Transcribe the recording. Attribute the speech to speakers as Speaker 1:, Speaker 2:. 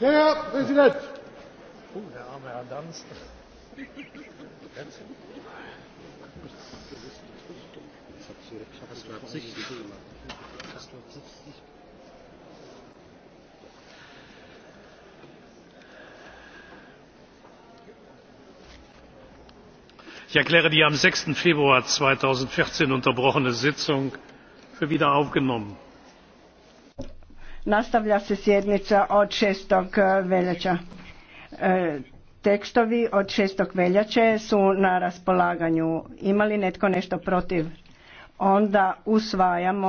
Speaker 1: Herr Präsident! Oh, der arme Herr Danz.
Speaker 2: Ich erkläre die am. 6. februar 2014 unterbrochene sitzung für wieder aufgenommen.
Speaker 3: Nastavlja se sjednica od 6. Eh, veljača. Eh, tekstovi od 6. veljače su na raspolaganju. Ima li netko nešto protiv? Onda
Speaker 4: usvajamo